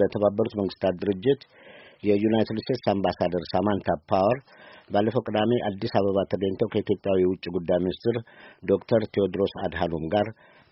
በተባበሩት መንግስታት ድርጅት የዩናይትድ ስቴትስ አምባሳደር ሳማንታ ፓወር ባለፈው ቅዳሜ አዲስ አበባ ተገኝተው ከኢትዮጵያ የውጭ ጉዳይ ሚኒስትር ዶክተር ቴዎድሮስ አድሃኖም ጋር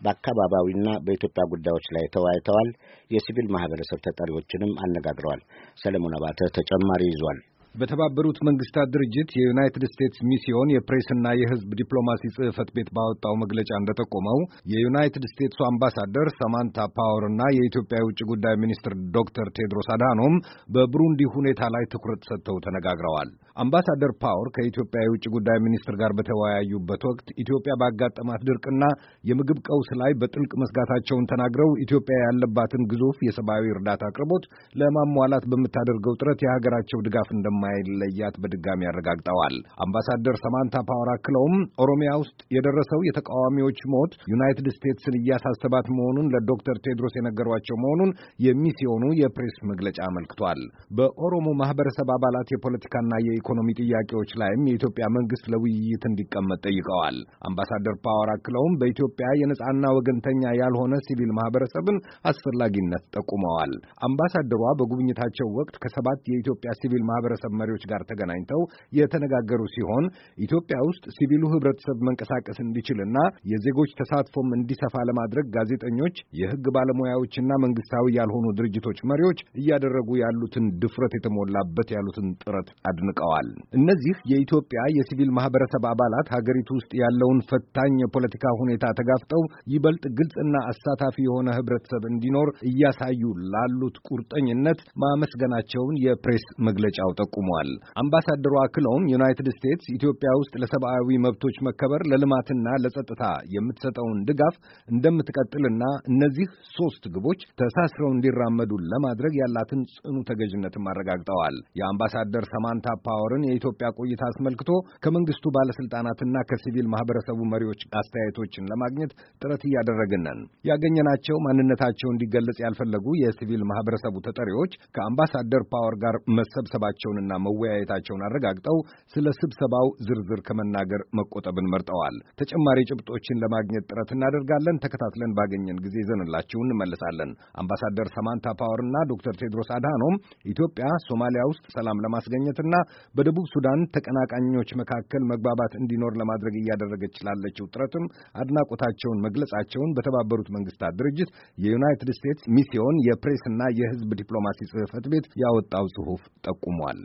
በአካባቢያዊና በኢትዮጵያ ጉዳዮች ላይ ተወያይተዋል። የሲቪል ማህበረሰብ ተጠሪዎችንም አነጋግረዋል። ሰለሞን አባተ ተጨማሪ ይዟል። በተባበሩት መንግስታት ድርጅት የዩናይትድ ስቴትስ ሚስዮን የፕሬስና የሕዝብ ዲፕሎማሲ ጽህፈት ቤት ባወጣው መግለጫ እንደጠቆመው የዩናይትድ ስቴትሱ አምባሳደር ሰማንታ ፓወር እና የኢትዮጵያ የውጭ ጉዳይ ሚኒስትር ዶክተር ቴድሮስ አድሃኖም በብሩንዲ ሁኔታ ላይ ትኩረት ሰጥተው ተነጋግረዋል። አምባሳደር ፓወር ከኢትዮጵያ የውጭ ጉዳይ ሚኒስትር ጋር በተወያዩበት ወቅት ኢትዮጵያ ባጋጠማት ድርቅና የምግብ ቀውስ ላይ በጥልቅ መስጋታቸውን ተናግረው ኢትዮጵያ ያለባትን ግዙፍ የሰብአዊ እርዳታ አቅርቦት ለማሟላት በምታደርገው ጥረት የሀገራቸው ድጋፍ እንደ እንደማይለያት በድጋሚ አረጋግጠዋል። አምባሳደር ሰማንታ ፓወር አክለውም ኦሮሚያ ውስጥ የደረሰው የተቃዋሚዎች ሞት ዩናይትድ ስቴትስን እያሳሰባት መሆኑን ለዶክተር ቴድሮስ የነገሯቸው መሆኑን የሚስዮኑ የፕሬስ መግለጫ አመልክቷል። በኦሮሞ ማህበረሰብ አባላት የፖለቲካና የኢኮኖሚ ጥያቄዎች ላይም የኢትዮጵያ መንግስት ለውይይት እንዲቀመጥ ጠይቀዋል። አምባሳደር ፓወር አክለውም በኢትዮጵያ የነጻና ወገንተኛ ያልሆነ ሲቪል ማህበረሰብን አስፈላጊነት ጠቁመዋል። አምባሳደሯ በጉብኝታቸው ወቅት ከሰባት የኢትዮጵያ ሲቪል ማህበረሰብ ማህበረሰብ መሪዎች ጋር ተገናኝተው የተነጋገሩ ሲሆን ኢትዮጵያ ውስጥ ሲቪሉ ህብረተሰብ መንቀሳቀስ እንዲችልና የዜጎች ተሳትፎም እንዲሰፋ ለማድረግ ጋዜጠኞች፣ የህግ ባለሙያዎችና መንግስታዊ ያልሆኑ ድርጅቶች መሪዎች እያደረጉ ያሉትን ድፍረት የተሞላበት ያሉትን ጥረት አድንቀዋል። እነዚህ የኢትዮጵያ የሲቪል ማህበረሰብ አባላት ሀገሪቱ ውስጥ ያለውን ፈታኝ የፖለቲካ ሁኔታ ተጋፍጠው ይበልጥ ግልጽና አሳታፊ የሆነ ህብረተሰብ እንዲኖር እያሳዩ ላሉት ቁርጠኝነት ማመስገናቸውን የፕሬስ መግለጫው ጠቁ ጠቁሟል። አምባሳደሩ አክለውም ዩናይትድ ስቴትስ ኢትዮጵያ ውስጥ ለሰብአዊ መብቶች መከበር ለልማትና ለጸጥታ የምትሰጠውን ድጋፍ እንደምትቀጥልና እነዚህ ሶስት ግቦች ተሳስረው እንዲራመዱ ለማድረግ ያላትን ጽኑ ተገዥነትም አረጋግጠዋል። የአምባሳደር ሰማንታ ፓወርን የኢትዮጵያ ቆይታ አስመልክቶ ከመንግስቱ ባለስልጣናትና ከሲቪል ማህበረሰቡ መሪዎች አስተያየቶችን ለማግኘት ጥረት እያደረግን ነን። ያገኘናቸው ማንነታቸው እንዲገለጽ ያልፈለጉ የሲቪል ማህበረሰቡ ተጠሪዎች ከአምባሳደር ፓወር ጋር መሰብሰባቸውንና መምከራቸውንና መወያየታቸውን አረጋግጠው ስለ ስብሰባው ዝርዝር ከመናገር መቆጠብን መርጠዋል። ተጨማሪ ጭብጦችን ለማግኘት ጥረት እናደርጋለን። ተከታትለን ባገኘን ጊዜ ይዘንላችሁ እንመለሳለን። አምባሳደር ሰማንታ ፓወርና ዶክተር ቴድሮስ አድሃኖም ኢትዮጵያ ሶማሊያ ውስጥ ሰላም ለማስገኘትና በደቡብ ሱዳን ተቀናቃኞች መካከል መግባባት እንዲኖር ለማድረግ እያደረገች ላለችው ጥረትም አድናቆታቸውን መግለጻቸውን በተባበሩት መንግስታት ድርጅት የዩናይትድ ስቴትስ ሚስዮን የፕሬስና የሕዝብ ዲፕሎማሲ ጽሕፈት ቤት ያወጣው ጽሑፍ ጠቁሟል።